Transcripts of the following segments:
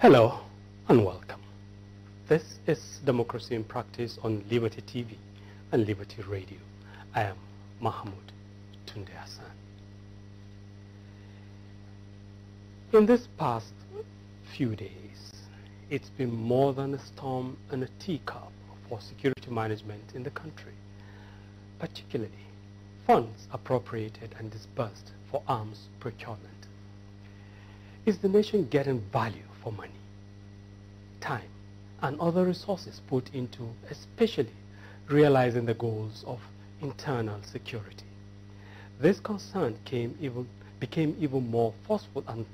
Hello and welcome. This is Democracy in Practice on Liberty TV and Liberty Radio. I am Mahmoud Tunde Hassan. In this past few days, it's been more than a storm and a teacup for security management in the country, particularly funds appropriated and disbursed for arms procurement. Is the nation getting value for money? time, and other resources put into especially realizing the goals of internal security. This concern even, became even more forceful and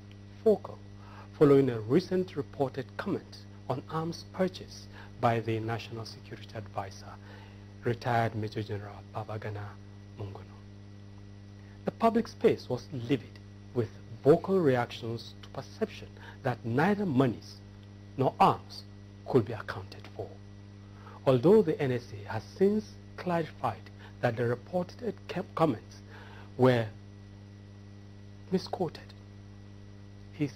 focal following a recent reported comment on arms purchase by the National Security Advisor, retired Major General Babagana Munguno. The public space was livid with vocal reactions to perception that neither monies nor arms could be accounted for. Although the NSA has since clarified that the reported comments were misquoted, he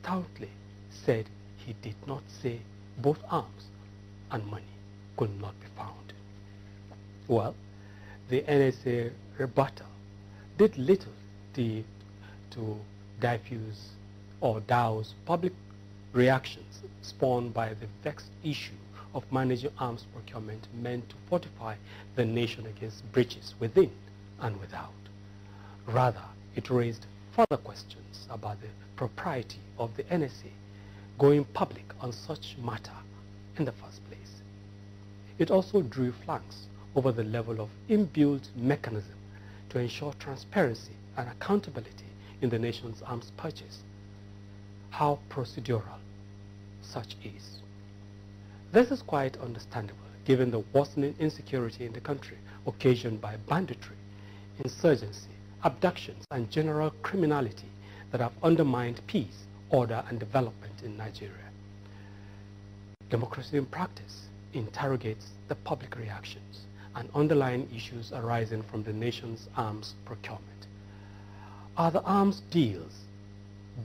stoutly said he did not say both arms and money could not be found. Well, the NSA rebuttal did little to, to diffuse or douse public reactions spawned by the vexed issue of managing arms procurement meant to fortify the nation against breaches within and without. Rather, it raised further questions about the propriety of the NSA going public on such matter in the first place. It also drew flanks over the level of inbuilt mechanism to ensure transparency and accountability in the nation's arms purchase. How procedural such is. This is quite understandable given the worsening insecurity in the country occasioned by banditry, insurgency, abductions, and general criminality that have undermined peace, order, and development in Nigeria. Democracy in practice interrogates the public reactions and underlying issues arising from the nation's arms procurement. Are the arms deals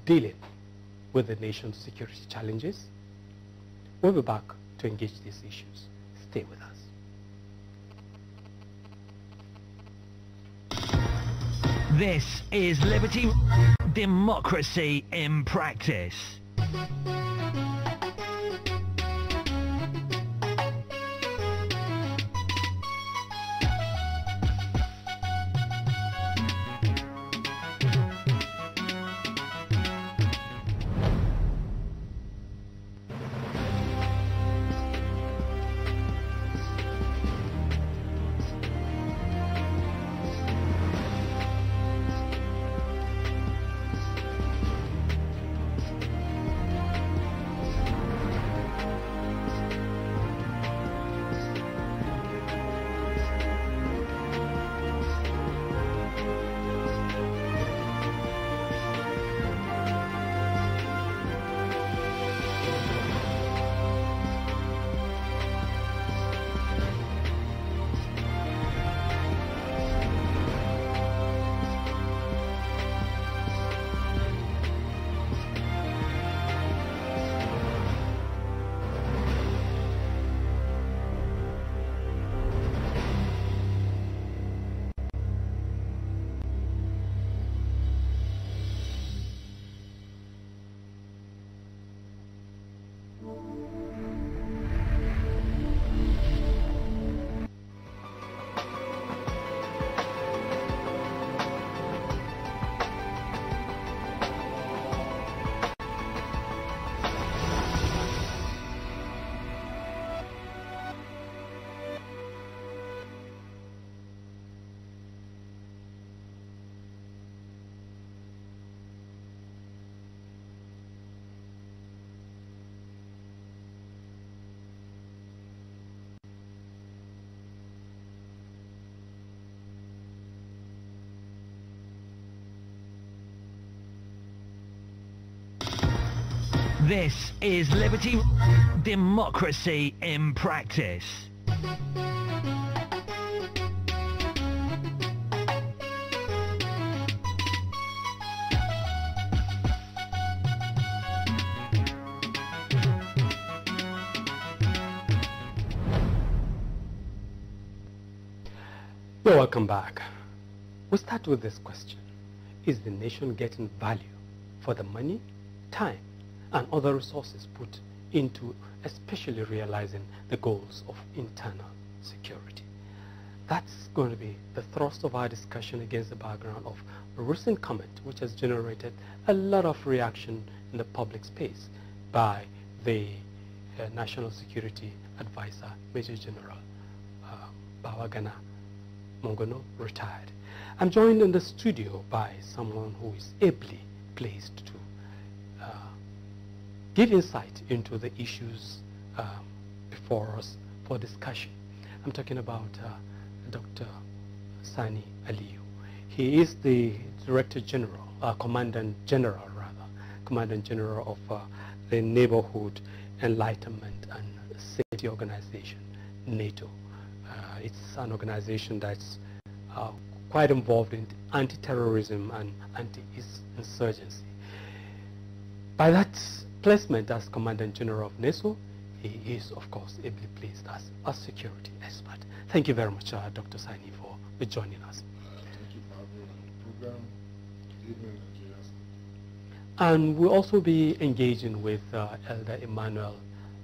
dealing with the nation's security challenges? We'll be back to engage these issues. Stay with us. This is Liberty Democracy in Practice. This is Liberty Democracy in Practice. welcome back. we start with this question. Is the nation getting value for the money, time, and other resources put into especially realizing the goals of internal security. That's going to be the thrust of our discussion against the background of a recent comment which has generated a lot of reaction in the public space by the uh, National Security Advisor, Major General uh, Bawagana Mongono, retired. I'm joined in the studio by someone who is ably placed to uh, give insight into the issues uh, before us for discussion. I'm talking about uh, Dr. Sani Aliyu. He is the Director General, uh, Commandant General rather, Commandant General of uh, the Neighborhood Enlightenment and Safety Organization, NATO. Uh, it's an organization that's uh, quite involved in anti-terrorism and anti-insurgency. By that placement as Commandant General of NATO, he is, of course, ably placed as a security expert. Thank you very much, uh, Dr. Sani, for joining us. thank you and we'll also be engaging with uh, Elder Emmanuel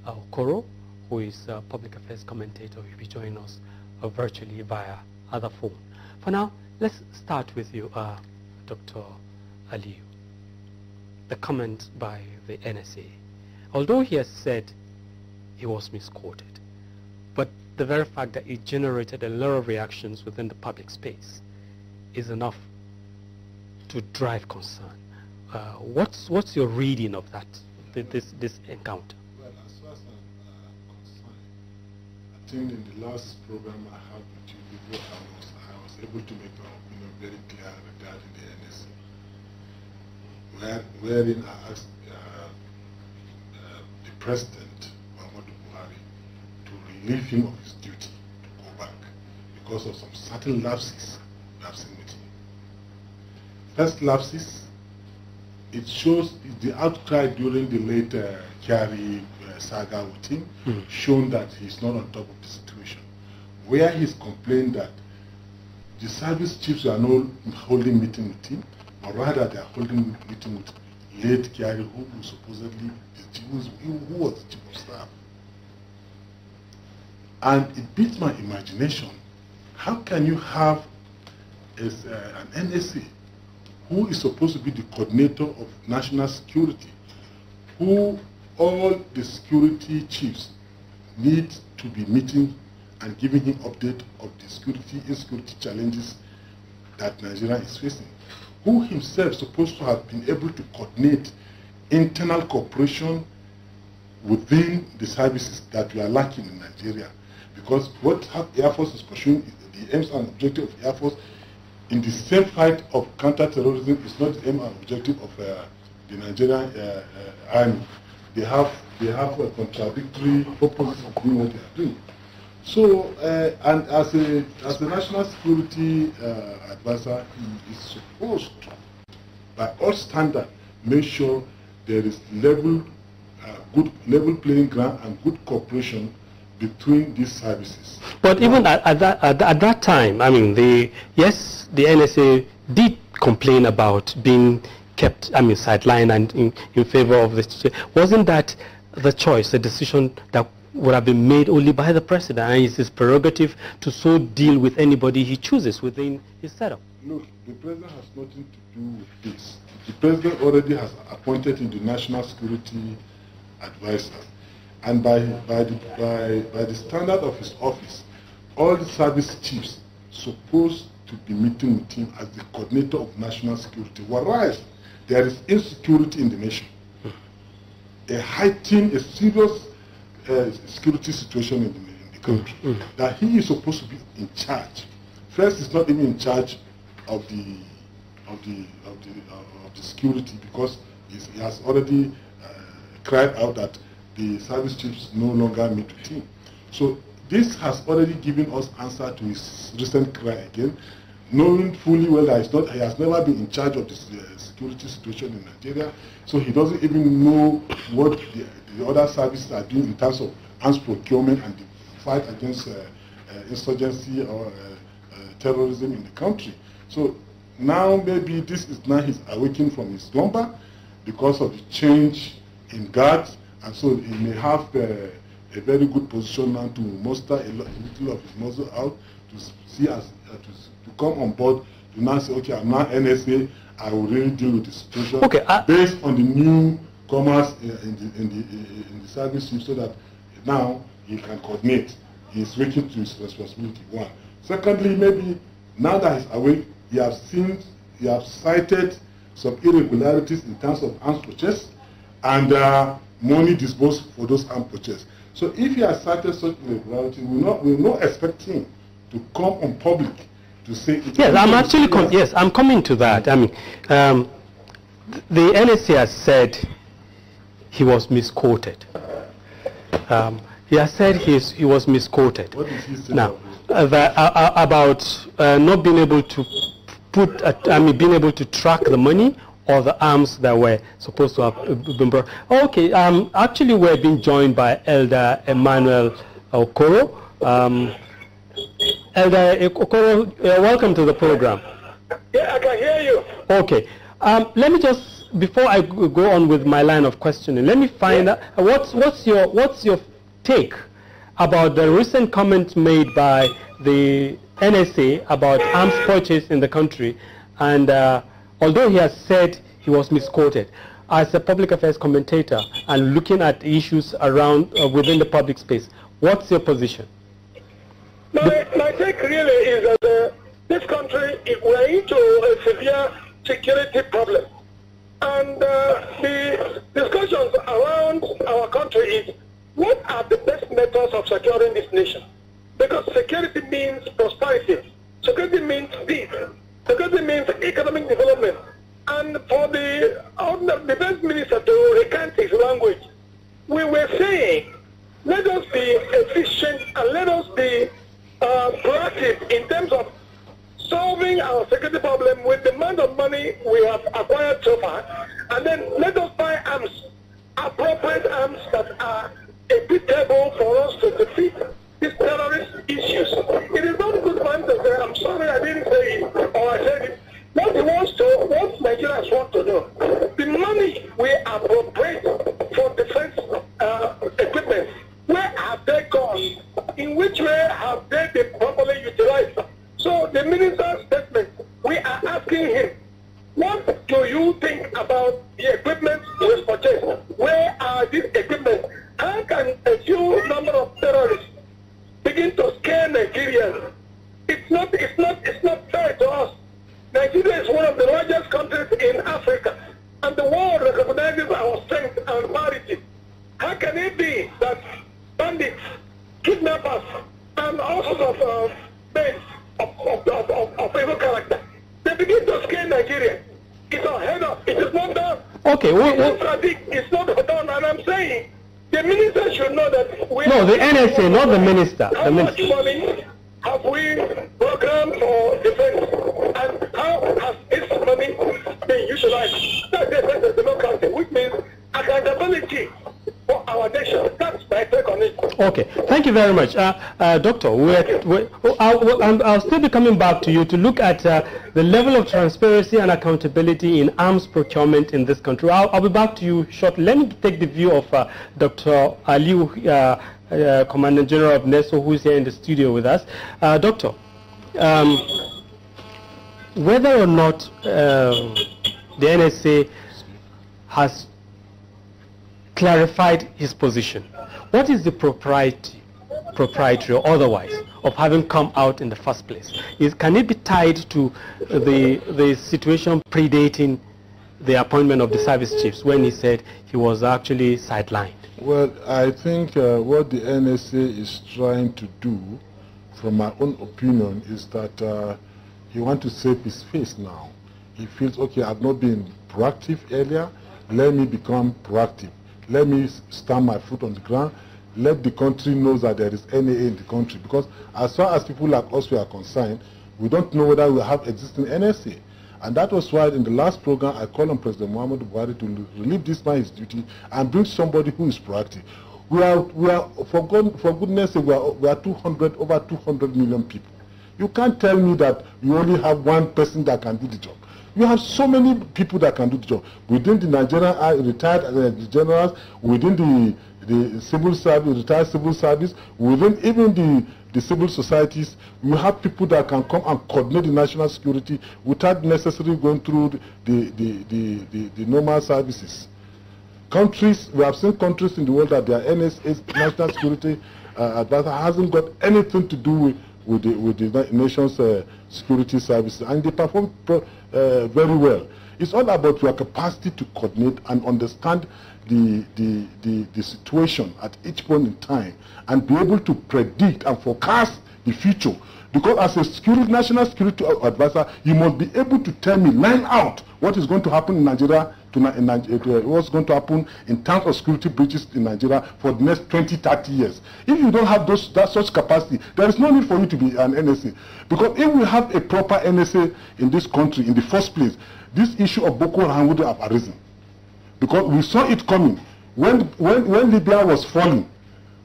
uh, Okoro, who is a public affairs commentator. He'll be joining us uh, virtually via other phone. For now, let's start with you, uh, Dr. Ali the comment by the NSA. Although he has said he was misquoted, but the very fact that it generated a lot of reactions within the public space is enough to drive concern. Uh, what's what's your reading of that th this this encounter? Well, as far as I'm uh, concerned, I think in the last program I had with you, I was I was able to make my uh, opinion very clear regarding the NSA wherein I asked uh, uh, the President, Muhammadu Buhari, to relieve him of his duty to go back because of some certain lapses we have seen with him. First lapses, it shows the outcry during the late uh, Kyari uh, saga with him mm. shown that he's not on top of the situation. Where he's complained that the service chiefs are not holding meeting with him, Rather, they are holding meeting with late Kyari, who was supposedly the Jews, who was the chief of staff. And it beats my imagination. How can you have as, uh, an NSA who is supposed to be the coordinator of national security, who all the security chiefs need to be meeting and giving him update of the security insecurity challenges that Nigeria is facing who himself supposed to have been able to coordinate internal cooperation within the services that we are lacking in Nigeria. Because what Air Force is pursuing, is the aims and objective of Air Force in the same fight of counterterrorism is not the aim and objective of uh, the Nigerian uh, uh, army. They have, they have a contradictory purpose of doing what they are doing. So, uh, and as a, as the national security uh, advisor, he is supposed to, by all standards, make sure there is level, uh, good level playing ground and good cooperation between these services. But now, even at, at, that, at, at, that time, I mean, the, yes, the NSA did complain about being kept, I mean, sidelined and in, in favor of this. Wasn't that the choice, the decision that would have been made only by the president, and it's his prerogative to so deal with anybody he chooses within his setup. Look, the president has nothing to do with this. The president already has appointed him the national security advisor, and by by the by, by the standard of his office, all the service chiefs supposed to be meeting with him as the coordinator of national security. Whereas there is insecurity in the nation, a heightened, a serious uh, security situation in the, in the country, mm that he is supposed to be in charge. First, he's not even in charge of the of the of the uh, of the security because he has already uh, cried out that the service chiefs no longer meet with him. So this has already given us answer to his recent cry again, knowing fully well that he's not, he has never been in charge of the uh, security situation in Nigeria, so he doesn't even know what the, the other services are doing in terms of arms procurement and the fight against uh, uh, insurgency or uh, terrorism in the country. So now maybe this is now he's awakening from his slumber because of the change in guards, and so he may have uh, a very good position now to muster a little of his muscle out to see us uh, to, to, come on board to now say, okay, I'm now NSA, I will really deal with the situation okay, based on the new commerce in, the, in, the, in the service chief so that now he can coordinate. He is waking to his responsibility, one. Secondly, maybe now that he's awake, he has seen, he has cited some irregularities in terms of arms purchase and uh, money disbursed for those arms purchase. So if he has cited such irregularity, we will not, we are not expect him to come on public to say... Yes, I'm actually, yes, I'm coming to that. I mean, um, the NSC has said he was misquoted. Um, he has said he's, he was misquoted. What did he say now, uh, uh, uh, about uh, not being able to put, uh, I mean, being able to track the money or the arms that were supposed to have been brought. Okay, um, actually we're being joined by Elder Emmanuel Okoro. Um, Elder Okoro, welcome to the program. Yeah, I can hear you. Okay, um, let me just before I go on with my line of questioning, let me find yeah. out what's, what's, your, what's your take about the recent comment made by the NSA about arms purchase in the country. And uh, although he has said he was misquoted, as a public affairs commentator and looking at issues around uh, within the public space, what's your position? My, my take really is that uh, this country, we're into a severe security problem. And uh, the discussions around our country is what are the best methods of securing this nation? Because security means prosperity. Security means peace. Security means economic development. And for the, defense minister to recant his language, we were saying, let us be efficient and let us be uh, proactive in terms of solving our security problem with the amount of money we have acquired so far, and then let us buy arms, appropriate arms that are equitable for us to defeat these terrorist issues. It is not good for him to say, I'm sorry I didn't say it, or I said it. What he wants to, what Nigerians want to know, the money we appropriate for defense uh, equipment, where have they gone? In which way have they been properly utilized? So the minister's statement, we are asking him, what do you think about the equipment was purchased? Where are these equipment? How can a few number of terrorists begin to scare Nigerians? It's not, it's not, it's not fair to us. Nigeria is one of the largest countries in Africa, and the world recognizes our strength and parity. How can it be that bandits, kidnappers, and all sorts of uh, men of, of, of, of, evil character. They begin to scare Nigeria. It's unheard of. It is not done. Okay, well, well, it's not done, and I'm saying the minister should know that. We no, the NSA, not the minister. How the much minister. money have we programmed for defense, and how has this money been utilized? That's the democracy, which means accountability for our nation. That's my take on it. Okay, thank you very much. Uh, uh, doctor, we're, we're, I'll, I'll, still be coming back to you to look at uh, the level of transparency and accountability in arms procurement in this country. I'll, I'll be back to you shortly. Let me take the view of uh, Dr. Aliu, uh, uh, Commander General of NESO, who's here in the studio with us. doctor, um, whether or not um, the NSA has clarified his position. What is the propriety, proprietary or otherwise, of having come out in the first place? Is, can it be tied to uh, the, the situation predating the appointment of the service chiefs when he said he was actually sidelined? Well, I think uh, what the NSA is trying to do, from my own opinion, is that uh, he wants to save his face now. He feels, okay, I've not been proactive earlier, let me become proactive. let me stand my foot on the ground let the country know that there is NAA in the country because as far as people like us we are concerned we don't know whether we have existing NSA and that was why in the last program I called on President Muhammad Buhari to relieve this man his duty and bring somebody who is proactive we are we are for God for goodness sake we are we are 200 over 200 million people you can't tell me that you only have one person that can do the job You have so many people that can do the job. Within the Nigerian uh, retired uh, generals, within the the civil service, retired civil service, within even the, the civil societies, you have people that can come and coordinate the national security without necessarily going through the, the, the, the, the normal services. Countries, we have seen countries in the world that their NSA's national security uh, advisor hasn't got anything to do with, with, the, with the nation's uh, security services. And they perform pro uh, very well. It's all about your capacity to coordinate and understand the, the, the, the situation at each point in time and be able to predict and forecast the future. Because as a security, national security advisor, you must be able to tell me, line out what is going to happen in Nigeria to, in, uh, what's going to happen in terms of security breaches in Nigeria for the next 20, 30 years. If you don't have those, that such capacity, there is no need for you to be an NSA. Because if we have a proper NSA in this country in the first place, this issue of Boko Haram would have arisen. Because we saw it coming. When, when, when Libya was falling,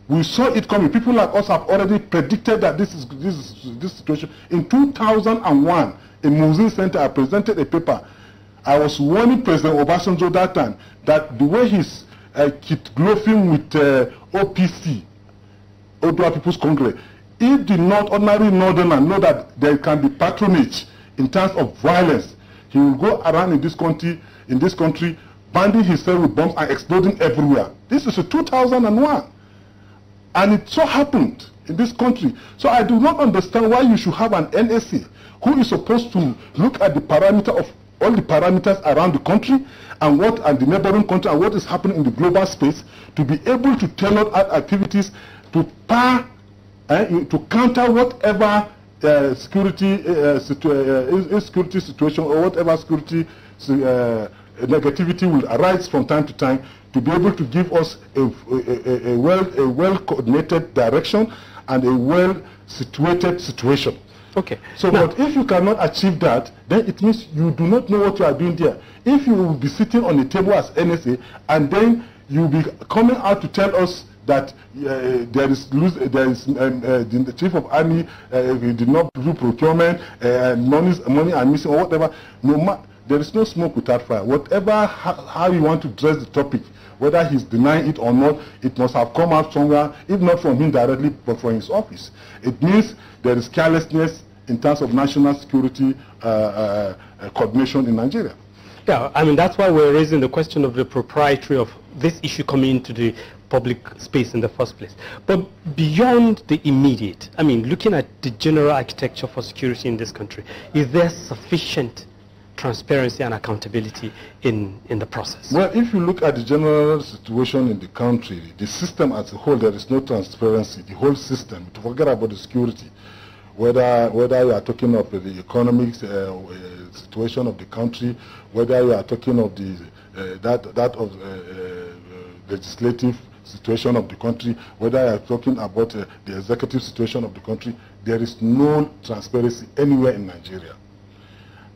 we saw it coming. People like us have already predicted that this is this this situation. In 2001, a museum center, I presented a paper I was warning President Obasanjo that time that the way he's uh, gloating with uh, OPC, Odua People's Congress, if the not ordinary northerner know that there can be patronage in terms of violence, he will go around in this country, in this country, banding himself with bombs and exploding everywhere. This is 2001. And it so happened in this country. So I do not understand why you should have an NSA who is supposed to look at the parameter of all the parameters around the country and what and the neighboring country and what is happening in the global space to be able to tailor our activities to par uh, to counter whatever uh, security uh, eh, situ insecurity situation or whatever security negativity will arise from time to time to be able to give us a, a, a, a well a well coordinated direction and a well situated situation. Okay. So, now, but if you cannot achieve that, then it means you do not know what you are doing there. If you will be sitting on the table as NSA, and then you will be coming out to tell us that uh, there is, loose, uh, there is um, uh, the, chief of army uh, did not do procurement, uh, monies, money are missing or whatever. No, there is no smoke without fire. Whatever how you want to dress the topic, whether he's denying it or not, it must have come out somewhere, if not from him directly, but from his office. It means there is carelessness in terms of national security uh, uh, uh coordination in Nigeria. Yeah, I mean, that's why we're raising the question of the propriety of this issue coming into the public space in the first place. But beyond the immediate, I mean, looking at the general architecture for security in this country, is there sufficient transparency and accountability in, in the process? Well, if you look at the general situation in the country, the system as a whole, there is no transparency, the whole system, to forget about the security, whether, whether you are talking of the economic uh, uh, situation of the country, whether you are talking of the, uh, that, that of uh, uh legislative situation of the country, whether you are talking about uh, the executive situation of the country, there is no transparency anywhere in Nigeria.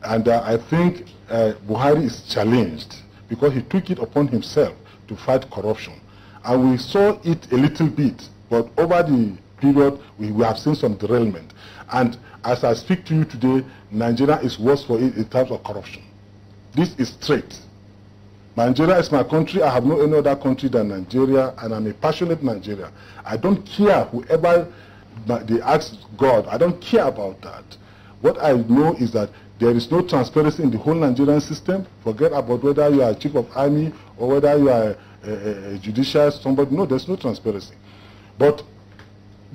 And uh, I think uh, Buhari is challenged because he took it upon himself to fight corruption. And we saw it a little bit, but over the period, we, we have seen some derailment. And as I speak to you today, Nigeria is worse for it in terms of corruption. This is straight. Nigeria is my country. I have no any other country than Nigeria, and I'm a passionate Nigerian. I don't care whoever they ask God. I don't care about that. What I know is that there is no transparency in the whole Nigerian system. Forget about whether you are chief of army or whether you are a, a, a judicial somebody. No, there's no transparency. But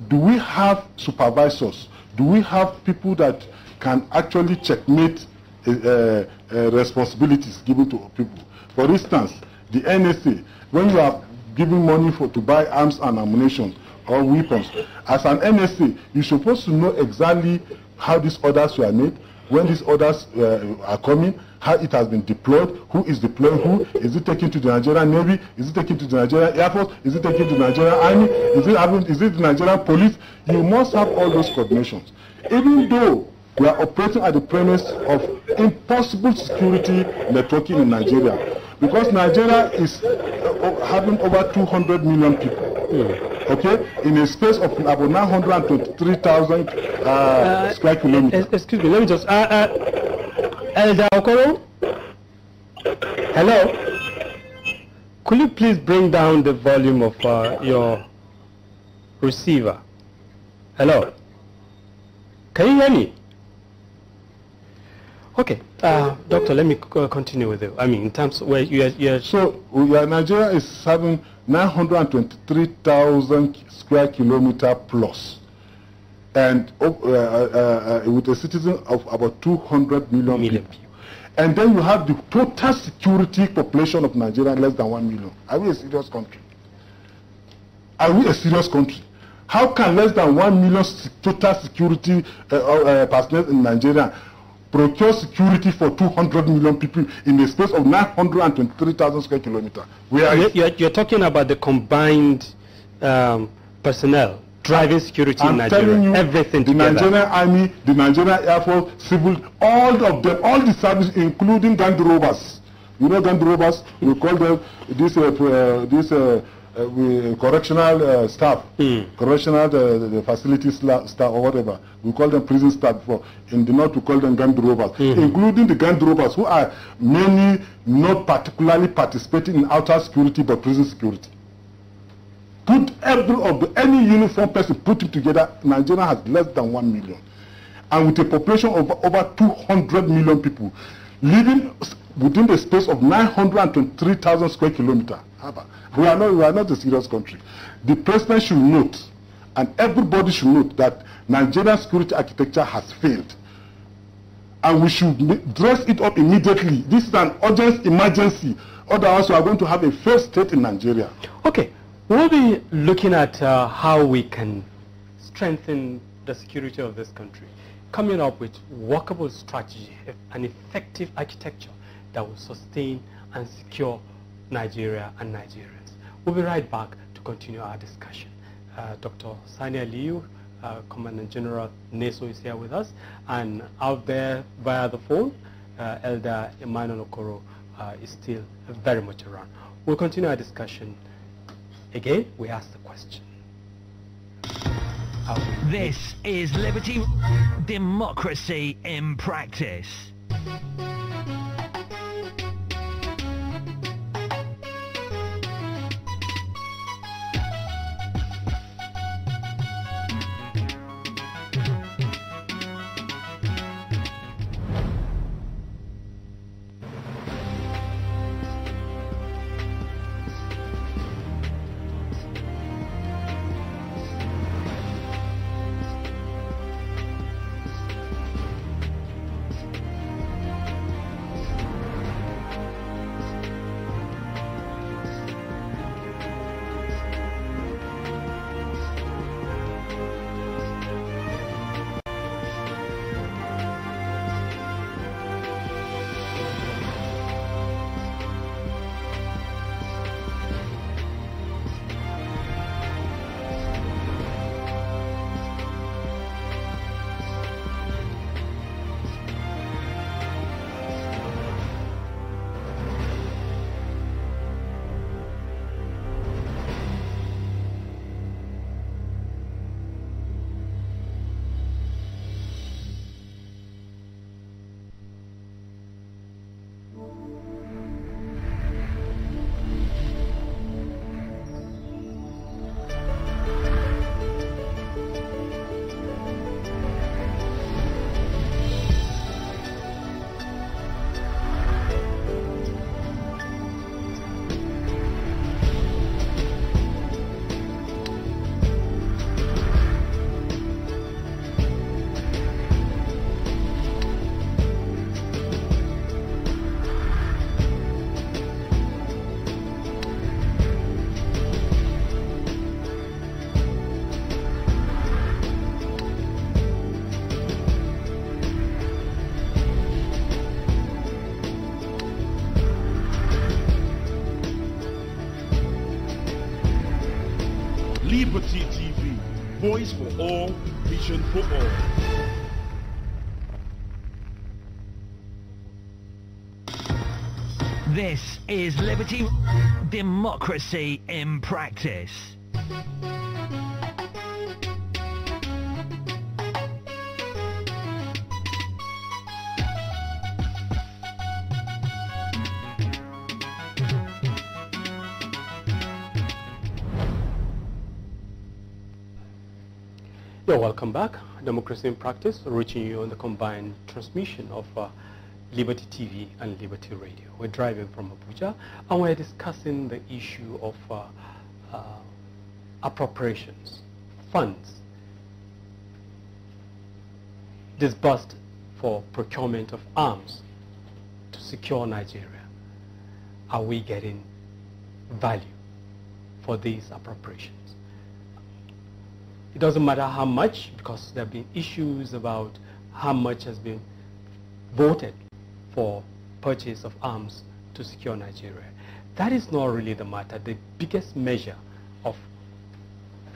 do we have supervisors? Do we have people that can actually checkmate uh, uh, responsibilities given to people? For instance, the NSA, when you are giving money for to buy arms and ammunition or weapons, as an NSA, you're supposed to know exactly how these orders were made, when these orders uh, are coming, how it has been deployed, who is deploying who, is it taken to the Nigerian Navy, is it taken to the Nigerian Air Force, is it taken to the Nigerian Army, is it, having, is it the Nigerian Police? You must have all those coordinations. Even though we are operating at the premise of impossible security networking in Nigeria because Nigeria is uh, having over 200 million people. Yeah. Hmm. okay, in a space of about 923,000 uh, uh, square kilometers. Excuse me, let me just. Uh, uh, Elder Okoro? Hello? Could you please bring down the volume of uh, your receiver? Hello? Can you hear me? Okay, uh, doctor, let me uh, continue with you. I mean, in terms where you are, you are so Nigeria is having 923,000 square kilometer plus, and uh uh, uh, uh, with a citizen of about 200 million, million people. people. And then you have the total security population of Nigeria less than 1 million. Are we a serious country? Are we a serious country? How can less than 1 million total security personnel in Nigeria procure security for 200 million people in the space of 923,000 square kilometers. You're, you're, you're, talking about the combined um, personnel driving security I'm in Nigeria. You, everything the together. Nigerian Army, the Nigerian Air Force, civil, all of them, all the services, including gang robbers. You know gang robbers? we call them this, uh, uh this uh, uh, we, correctional uh, staff, mm. correctional uh, the, the facilities staff or whatever. We call them prison staff before. In the north, we call them gang robbers, mm -hmm. including the gang robbers who are many not particularly participating in outer security but prison security put every of any uniform person put it together nigeria has less than one million and with a population of over 200 million people living within the space of 923,000 square kilometers we are not we are not a serious country. The president should note, and everybody should note that Nigerian security architecture has failed. And we should dress it up immediately. This is an urgent emergency. Otherwise, we are going to have a failed state in Nigeria. Okay. We'll be looking at uh, how we can strengthen the security of this country, coming up with workable strategy, an effective architecture that will sustain and secure Nigeria and Nigerians. We'll be right back to continue our discussion. Uh, Dr. Sania Liu, uh, General NESO is here with us, and out there via the phone, uh, Elder Emmanuel Okoro uh, is still very much around. We'll continue our discussion. Again, we ask the question. This is Liberty Democracy in Practice. all football. This is Liberty Democracy in Practice. Welcome back. Democracy in Practice, reaching you on the combined transmission of uh, Liberty TV and Liberty Radio. We're driving from Abuja and we're discussing the issue of uh, uh, appropriations, funds disbursed for procurement of arms to secure Nigeria. Are we getting value for these appropriations? It doesn't matter how much because there have been issues about how much has been voted for purchase of arms to secure Nigeria. That is not really the matter. The biggest measure of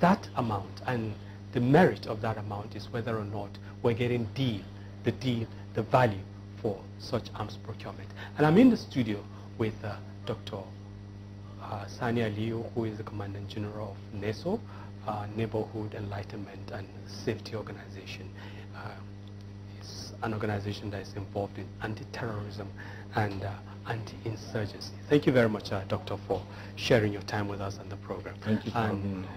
that amount and the merit of that amount is whether or not we're getting deal, the deal, the value for such arms procurement. And I'm in the studio with uh, Dr. Uh, Sani who is the Commandant General of NESO, uh, neighborhood enlightenment and safety organization. Uh, it's an organization that is involved in anti-terrorism and uh, anti-insurgency. Thank you very much, uh, Doctor, for sharing your time with us on the program. Thank you. And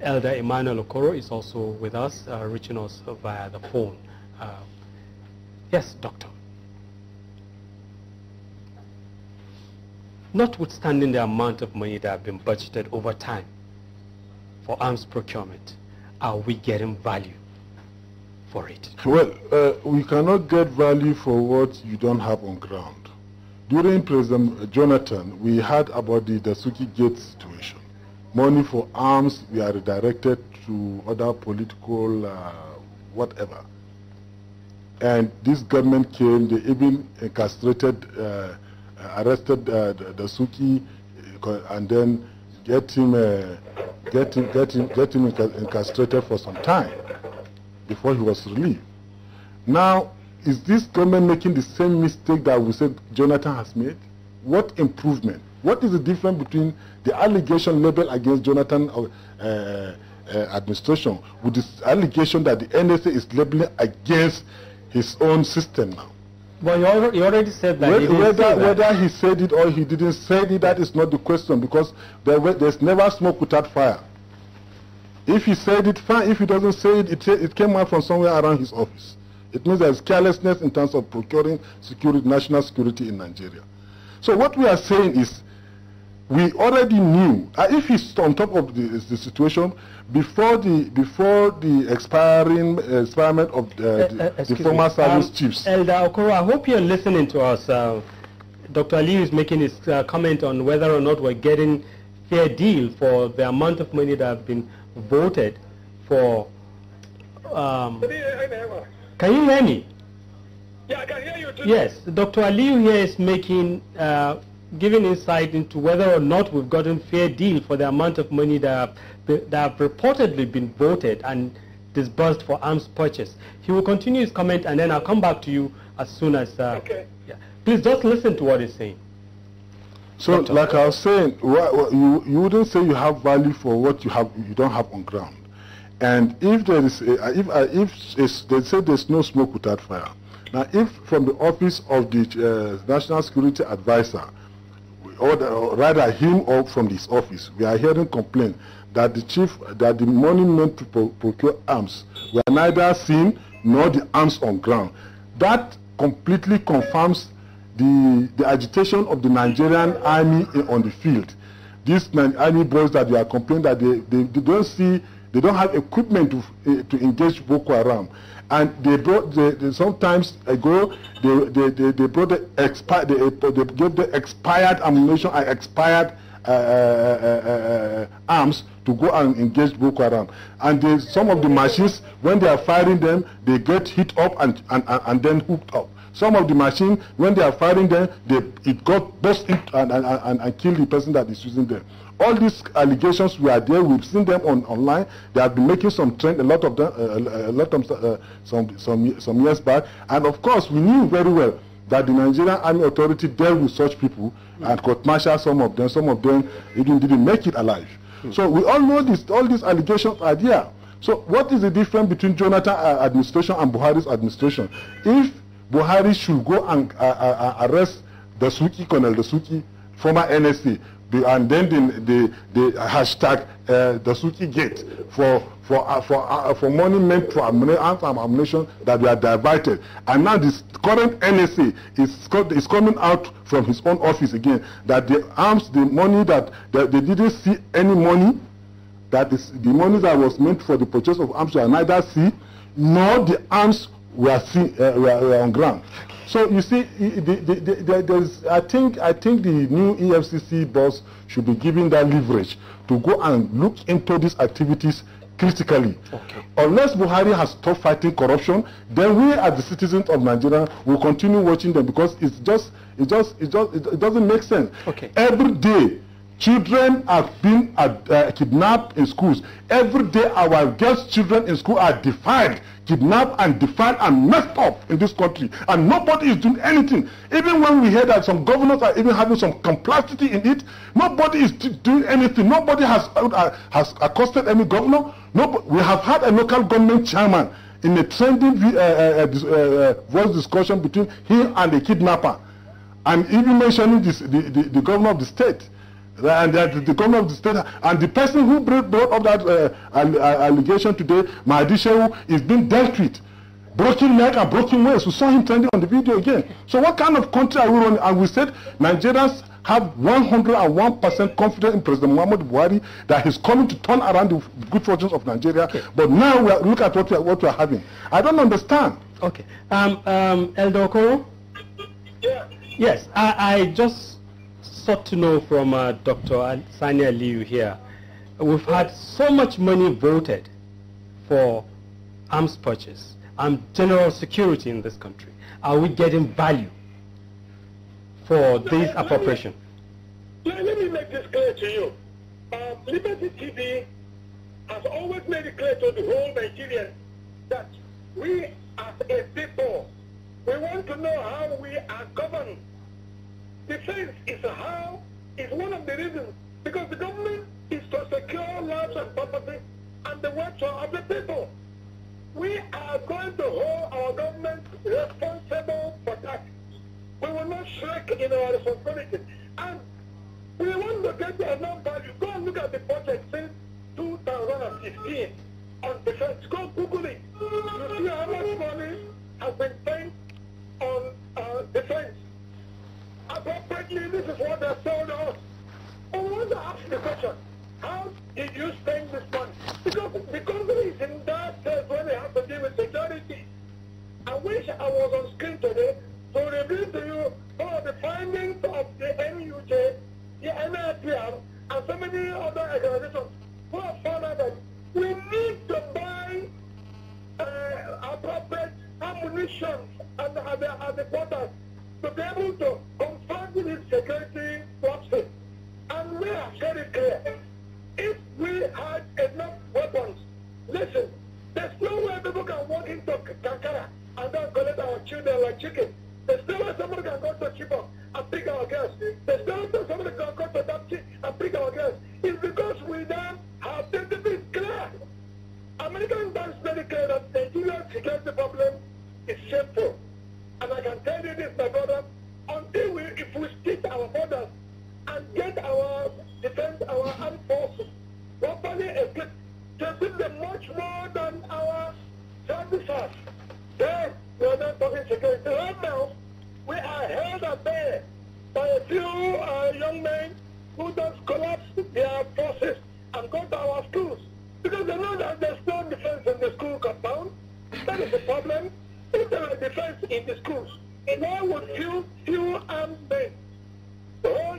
Elder Emmanuel Okoro is also with us, uh, reaching us via the phone. Uh, yes, Doctor. Notwithstanding the amount of money that have been budgeted over time, for arms procurement? Are we getting value for it? Well, uh, we cannot get value for what you don't have on ground. During President uh, Jonathan, we heard about the Dasuki Gate situation. Money for arms we are redirected to other political uh, whatever. And this government came, they even incarcerated, uh, arrested uh, Dasuki, uh, and then get him, uh, get him, get him, get him incarcerated for some time before he was released. Now, is this government making the same mistake that we said Jonathan has made? What improvement? What is the difference between the allegation leveled against Jonathan uh, uh, uh administration with the allegation that the NSA is labeling against his own system now? But you already, you already said that. Whether, whether, that. whether, he said it or he didn't say it, that is not the question because there, there's never smoke without fire. If he said it, fine. If he doesn't say it, it, it came out from somewhere around his office. It means there's carelessness in terms of procuring security, national security in Nigeria. So what we are saying is, we already knew. Uh, if he's on top of the, the situation, before the before the expiring experiment of uh, eh, the, uh, the, former me. service um, chiefs. Elder Okoro, I hope you're listening to us. Uh, Dr. Ali is making his uh, comment on whether or not we're getting fair deal for the amount of money that have been voted for. Um, can you hear me? Yeah, I can hear you. Too. Yes, Dr. Aliu here is making uh, giving insight into whether or not we've gotten fair deal for the amount of money that have, that have reportedly been voted and disbursed for arms purchase. He will continue his comment and then I'll come back to you as soon as... Uh, okay. Yeah. Please just listen to what he's saying. So, Doctor. like I was saying, you, you wouldn't say you have value for what you have you don't have on ground. And if there is, a, uh, if uh, if they say there's no smoke without fire. Now, if from the office of the uh, National Security Advisor, or, the, or rather him or from his office, we are hearing complaints that the chief, that the money meant to pro procure arms were neither seen nor the arms on ground. That completely confirms the, the agitation of the Nigerian army on the field. These army boys that they are complaining that they, they, they don't see, they don't have equipment to, uh, to engage Boko Haram. and they brought sometimes ago they they, they, they brought the expired they, they gave the expired ammunition and expired uh, uh, uh, uh, arms to go and engage Boko Haram. And they, some of the machines, when they are firing them, they get hit up and, and, and, and then hooked up. Some of the machine, when they are firing them, they, it got burst and, and, and, and killed the person that is using them. all these allegations were there. We've seen them on online. They have been making some trend, a lot of them, uh, uh, a lot of uh, some some some years back. And of course, we knew very well that the Nigerian Army Authority dealt with such people mm. and court-martialed some of them. Some of them even didn't make it alive. Mm. So we all know this. All these allegations are there. So what is the difference between Jonathan uh, administration and Buhari's administration? If Buhari should go and uh, uh, uh arrest the Suki, Colonel the Suki, former NSA, the, and then the, the, the hashtag uh, the Suki Gate for for uh, for uh, for money meant for anti-ammunition that were diverted and now this current NSA is co is coming out from his own office again that the arms the money that, that they didn't see any money that is the money that was meant for the purchase of arms were neither see nor the arms were seen uh, were, were on ground. So you see, the, the, the, there's, I think I think the new EFCC boss should be given that leverage to go and look into these activities critically. Okay. Unless Buhari has stopped fighting corruption, then we as the citizens of Nigeria will continue watching them because it's just it just it just it, it doesn't make sense. Okay. Every day Children have been uh, uh, kidnapped in schools. Every day our girls' children in school are defiled, kidnapped and defiled and messed up in this country. And nobody is doing anything. Even when we hear that some governors are even having some complicity in it, nobody is doing anything. Nobody has, uh, uh has accosted any governor. Nobody, we have had a local government chairman in a trending uh, uh, voice discussion between him and the kidnapper. And even mentioning this, the, the, the governor of the state. And the, the government of the state and the person who brought up that uh, uh allegation today, Mahdi Shehu, is being dealt with. Broken leg and broken waist. We saw him trending on the video again. So what kind of country are we running? And we said Nigerians have 101% confidence in President Muhammad Buhari that he's coming to turn around the good fortunes of Nigeria. Okay. But now we are, look at what we, are, what we are having. I don't understand. Okay. Um, um, Elder Okoro? Yeah. Yes, I, I just sought to know from uh, Dr. Sanya Liu here. We've had so much money voted for arms purchase and general security in this country. Are we getting value for this let, appropriation? Let me, let, me make this clear to you. Um, Liberty TV has always made it clear to the whole Nigerian that we as a people, we want to know how we are governed the is how, is one of the reasons, because the government is to secure lives and property and the welfare of the people. We are going to hold our government responsible for that. We will not shrink in our responsibility. And we want to get the a number. go and look at the budget since 2015 on defense. Go Google it. You see how much money has been spent on uh, defense appropriately, this is oh, what they've told us. I want to ask the question, how did you spend this money? Because because the reason that says uh, when they have to deal with security. I wish I was on screen today to reveal to you all the findings of the MUJ, the NIPR, and so many other organizations who have found out that we need to buy uh, appropriate ammunition and, and, and the quarters to be able to Hey, Casey!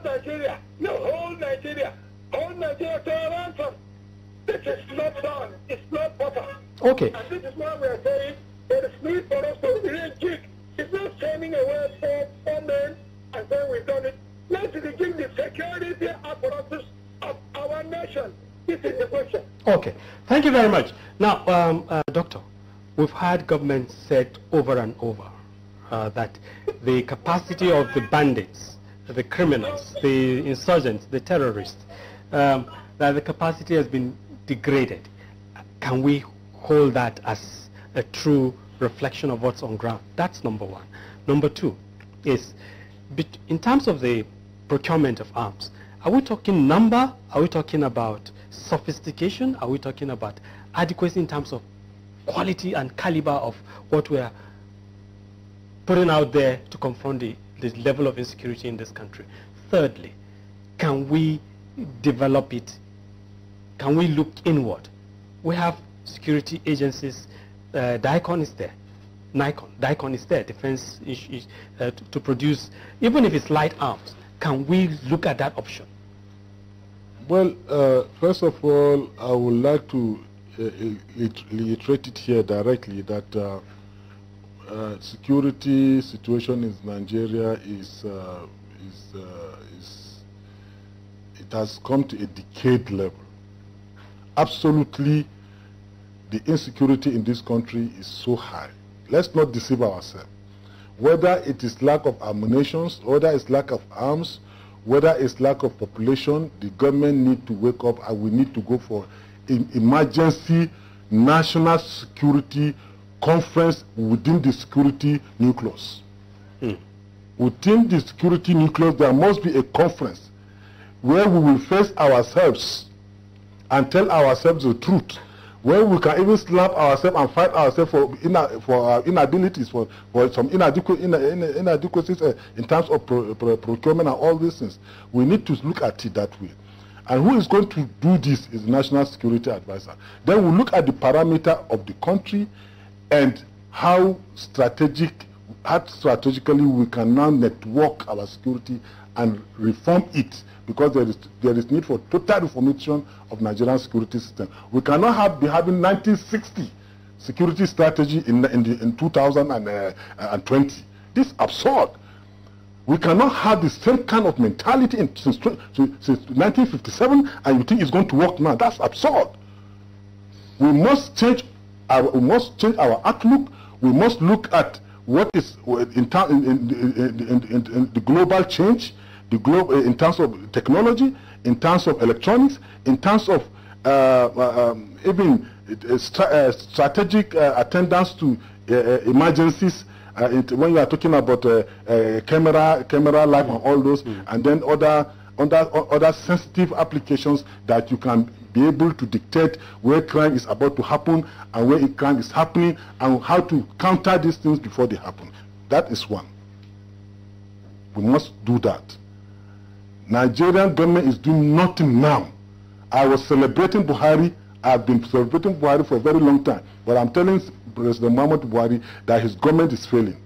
Nigeria. No, whole Nigeria. Whole Nigeria to ransom. This is not done. It's not butter. Okay. And this is why we are saying there is need for us to rejig. It's not turning away for funding and then we've done it. Let's rejig the security apparatus of our nation. This is the question. Okay. Thank you very much. Now, um, uh, Doctor, we've had government said over and over uh, that the capacity of the bandits the criminals, the insurgents, the terrorists, um, that the capacity has been degraded. Can we hold that as a true reflection of what's on ground? That's number one. Number two is, in terms of the procurement of arms, are we talking number? Are we talking about sophistication? Are we talking about adequacy in terms of quality and caliber of what we are putting out there to confront the the level of insecurity in this country? Thirdly, can we develop it? Can we look inward? We have security agencies. Uh, DICON is there. Nikon. DICON is there. Defense is, is, uh, to, to produce, even if it's light arms. Can we look at that option? Well, uh, first of all, I would like to uh, reiterate it here directly that uh, uh, security situation in Nigeria is, uh, is, uh, is, it has come to a decayed level. Absolutely, the insecurity in this country is so high. Let's not deceive ourselves. Whether it is lack of ammunition, whether it's lack of arms, whether it's lack of population, the government need to wake up and we need to go for emergency national security conference within the security nucleus. Mm. Within the security nucleus, there must be a conference where we will face ourselves and tell ourselves the truth. Where we can even slap ourselves and fight ourselves for, ina for our inabilities, for, for some ina inadequacies uh, in terms of pro pro procurement and all these things. We need to look at it that way. And who is going to do this is the National Security Advisor. Then we look at the parameter of the country and how strategic how strategically we can now network our security and reform it because there is there is need for total reformation of Nigerian security system. We cannot have be having 1960 security strategy in in, the, in 2020. Uh, this absurd. We cannot have the same kind of mentality in, since, since 1957 and you think it's going to work now. That's absurd. We must change our, we must change our outlook. We must look at what is in, in, in, in the global change, the glo eh, in terms of technology, in terms of electronics, in terms of uh, uh um, even eh, stra eh, strategic attendance to emergencies. Uh, when you are talking about camera, camera life, mm -hmm. and all those, mm -hmm. and then other under other sensitive applications that you can be able to dictate where crime is about to happen and where crime is happening and how to counter these things before they happen. That is one. We must do that. Nigerian government is doing nothing now. I was celebrating Buhari. I've been celebrating Buhari for a very long time. But I'm telling President Muhammad Buhari that his government is failing.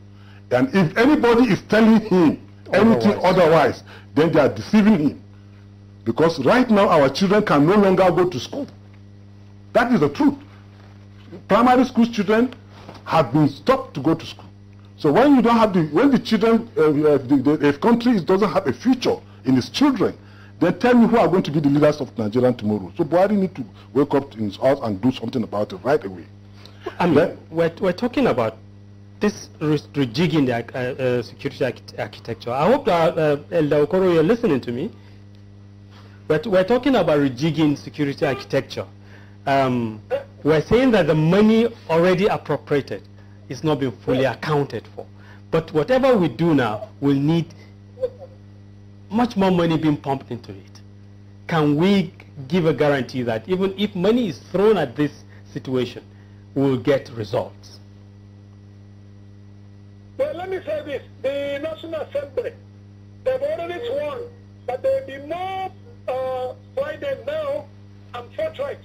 And if anybody is telling him anything otherwise, otherwise then they are deceiving him. Because right now our children can no longer go to school. That is the truth. Primary school children have been stopped to go to school. So when you don't have the, when the children, uh, uh the, the, if country doesn't have a future in its children, then tell me who are going to be the leaders of Nigeria tomorrow. So Buhari need to wake up in his house and do something about it right away. I mean, then, we're, we're talking about this rejigging the uh, uh, security architecture. I hope that uh, uh, Elder Okoro, you're listening to me. But we're talking about rejigging security architecture. Um, we're saying that the money already appropriated is not being fully accounted for. But whatever we do now will need much more money being pumped into it. Can we give a guarantee that even if money is thrown at this situation, we'll get results? let me say this. The National Assembly, they've already sworn that there will be more uh, Biden now and forthright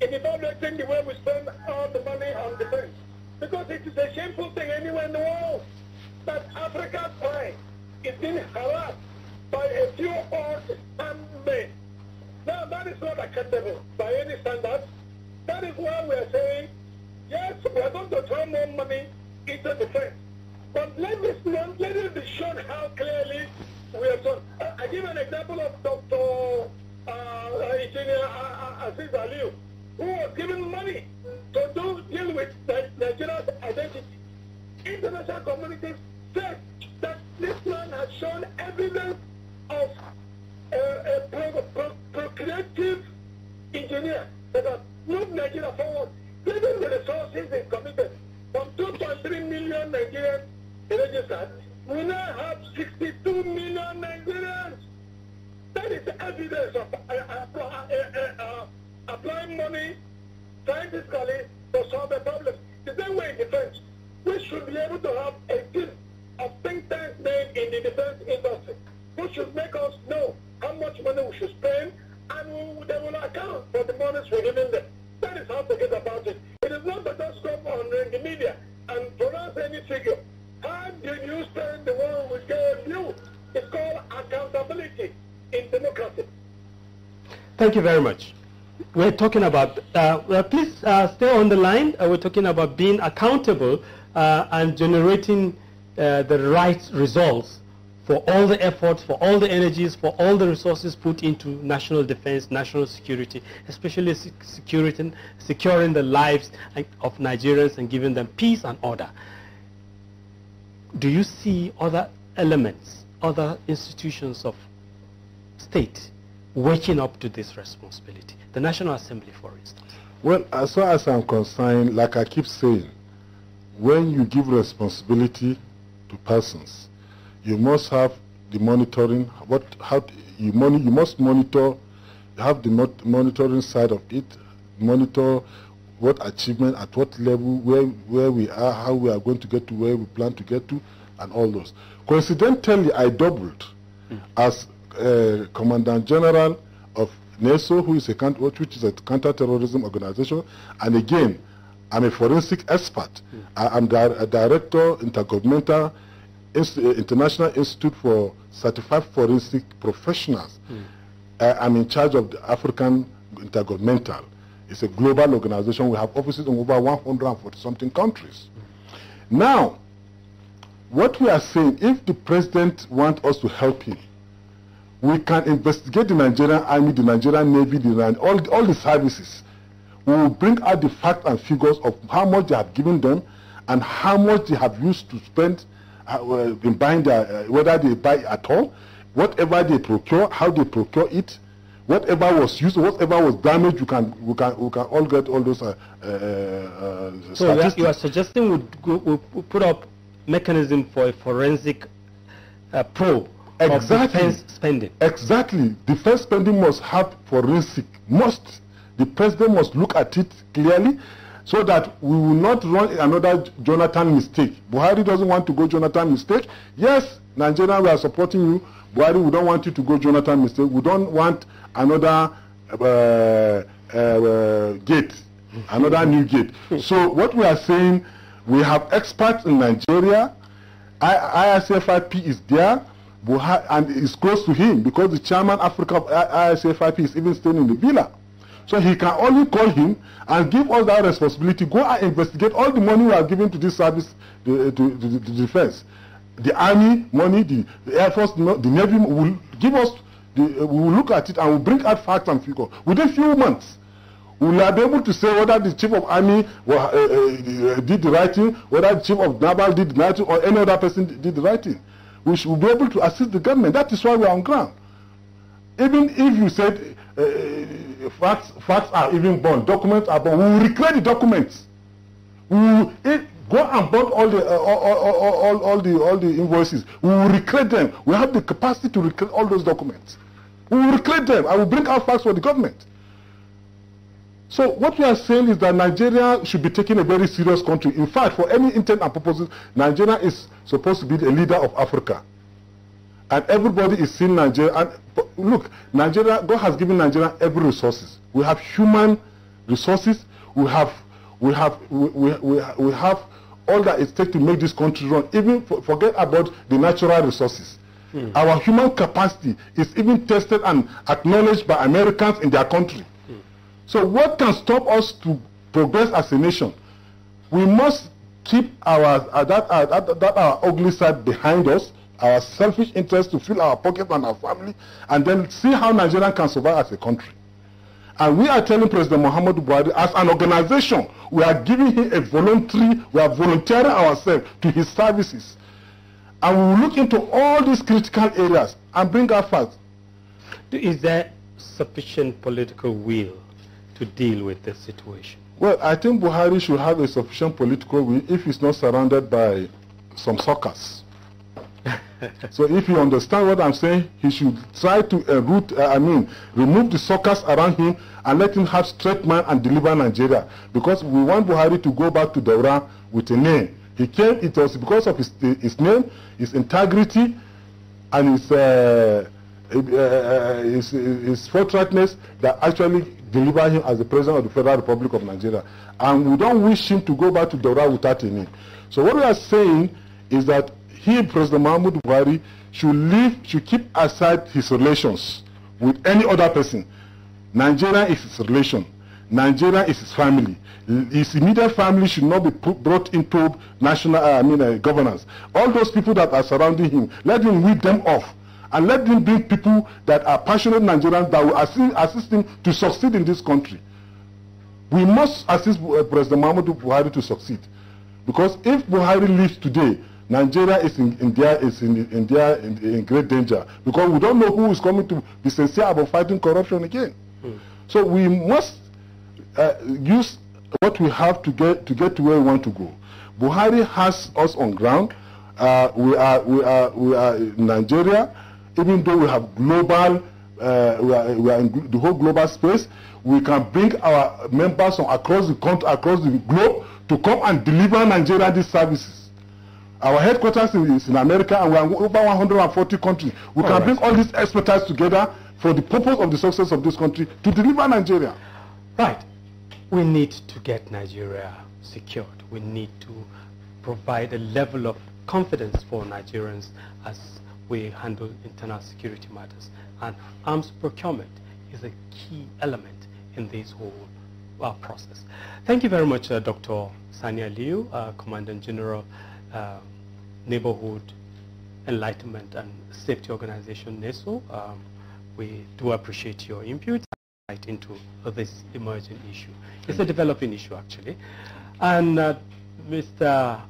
in evaluating the way we spend all the money on defense. Because it is a shameful thing anywhere in the world that Africa's pride is being harassed by a few old men. Now, that is not acceptable by any standards. That is why we are saying, yes, we are going to throw more money into defense. But let this man, let it be shown how clearly we are shown. I give an example of Dr. Uh, uh, Engineer uh, uh, Aziz Aliu, who was given money to do, deal with Nigeria's identity. International community said that this man has shown evidence of a, a pro, pro, procreative engineer that has moved Nigeria forward, given the resources and commitment from 2.3 million Nigerians registered, we now have 62 million Nigerians. That is evidence of uh uh, uh, uh, uh, applying money scientifically to solve a problem. The same way in defense, we should be able to have a team of think tanks made in the defense industry, which should make us know how much money we should spend, and we, they will account for the monies we're giving them. That is how to get about it. It is not that just score on the media and pronounce any figure. Thank you very much. We're talking about, uh, please uh, stay on the line. Uh, we're talking about being accountable uh, and generating uh, the right results for all the efforts, for all the energies, for all the resources put into national defense, national security, especially securing, securing the lives of Nigerians and giving them peace and order. Do you see other elements, other institutions of state waking up to this responsibility? The National Assembly, for instance. Well, as far as I'm concerned, like I keep saying, when you give responsibility to persons, you must have the monitoring. What how you you must monitor, have the monitoring side of it, monitor what achievement at what level, where where we are, how we are going to get to where we plan to get to, and all those. Coincidentally, I doubled mm. as uh, Commandant General of NESO, who is a which is a counter-terrorism organization. And again, I'm a forensic expert. Mm. I, am di a director, intergovernmental, Inst uh, international institute for certified forensic professionals. Mm. Uh, I'm in charge of the African intergovernmental. It's a global organization. We have offices in over 140 something countries. Mm. Now, what we are saying, if the president wants us to help him, we can investigate the Nigerian Army, the Nigerian Navy, the, all, all the services. We will bring out the facts and figures of how much they have given them and how much they have used to spend uh, uh in buying their, uh, whether they buy at all, whatever they procure, how they procure it, whatever was used, whatever was damaged, you can we can we can all get all those. Uh, uh, uh so statistics. you are suggesting we, we put up mechanism for a forensic uh, probe exactly. defense spending. Exactly. Defense spending must have forensic. Must. The president must look at it clearly so that we will not run another Jonathan mistake. Buhari doesn't want to go Jonathan mistake. Yes, Nigeria, we are supporting you. Buhari, we don't want you to go Jonathan mistake. We don't want another uh, uh, uh, gate, another new gate. So what we are saying, we have experts in Nigeria. I ISFIP is there. Buhari, and is close to him because the chairman Africa ISFIP is even staying in the villa. So he can only call him and give us that responsibility. Go and investigate all the money we are giving to this service, the, uh, to, to, to defense. The army money, the, the air force, the navy will give us, the, uh, we will look at it and we will bring out facts and figures. Within a few months, we will be able to say whether the chief of army were, uh, uh, did the writing, whether the chief of naval did the writing, or any other person did the writing we should be able to assist the government. That is why we are on ground. Even if you said uh, facts, facts are even born, documents are born, we will recreate the documents. We will eh, go and burn all the uh, all, all, all, all the all the invoices. We will recreate them. We have the capacity to recreate all those documents. We will recreate them. I will bring out facts for the government. So what we are saying is that Nigeria should be taken a very serious country. In fact, for any intent and purposes, Nigeria is supposed to be the leader of Africa. And everybody is seeing Nigeria. And look, Nigeria, God has given Nigeria every resources. We have human resources. We have, we have, we, we, we, we have all that it takes to make this country run. Even forget about the natural resources. Mm. Our human capacity is even tested and acknowledged by Americans in their country. So what can stop us to progress as a nation? We must keep our uh, that, uh, that, that our ugly side behind us, our selfish interest to fill our pockets and our family, and then see how Nigeria can survive as a country. And we are telling President Mohammed Buhari, as an organization, we are giving him a voluntary, we are volunteering ourselves to his services. And we will look into all these critical areas and bring our facts. Is there sufficient political will to deal with the situation? Well, I think Buhari should have a sufficient political will if he's not surrounded by some suckers. so if you understand what I'm saying, he should try to uh, root, uh, I mean, remove the suckers around him and let him have straight man and deliver Nigeria. Because we want Buhari to go back to Daura with a name. He came, it was because of his, his name, his integrity, and his, uh, uh, uh his, his fortrightness that actually deliver him as the president of the Federal Republic of Nigeria. And we don't wish him to go back to Dora without So what we are saying is that he, President Mahmoud Buhari, should leave, should keep aside his relations with any other person. Nigeria is his relation. Nigeria is his family. His immediate family should not be put, brought into national, uh, I mean, uh, governance. All those people that are surrounding him, let him weed them off and let them bring people that are passionate Nigerians that will assist, assist him to succeed in this country. We must assist uh, President Muhammadu Buhari to succeed. Because if Buhari leaves today, Nigeria is in India in there in, in, great danger because we don't know who is coming to be sincere about fighting corruption again. Mm. So we must uh, use what we have to get to get to where we want to go. Buhari has us on ground. Uh, we are we are we are in Nigeria even though we have global, uh, we, are, we, are, in the whole global space, we can bring our members from across the country, across the globe to come and deliver Nigeria these services. Our headquarters is in America and we are over 140 countries. We all can right. bring all these expertise together for the purpose of the success of this country to deliver Nigeria. Right. We need to get Nigeria secured. We need to provide a level of confidence for Nigerians as we handle internal security matters. And arms procurement is a key element in this whole uh, process. Thank you very much, uh, Dr. Sanya Liu, uh, Commandant General, uh, Neighborhood Enlightenment and Safety Organization, NESO. Um, we do appreciate your input into this emerging issue. It's a developing issue, actually. And uh, Mr.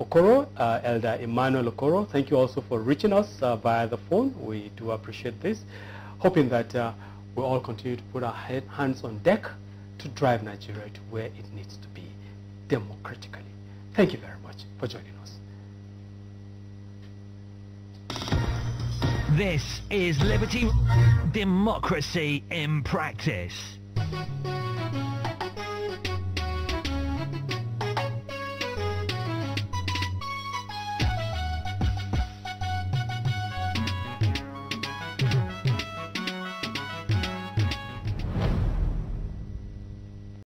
Okoro, uh, Elder Emmanuel Okoro. Thank you also for reaching us uh, via the phone. We do appreciate this. Hoping that uh, we all continue to put our head, hands on deck to drive Nigeria to where it needs to be democratically. Thank you very much for joining us. This is Liberty Democracy in Practice.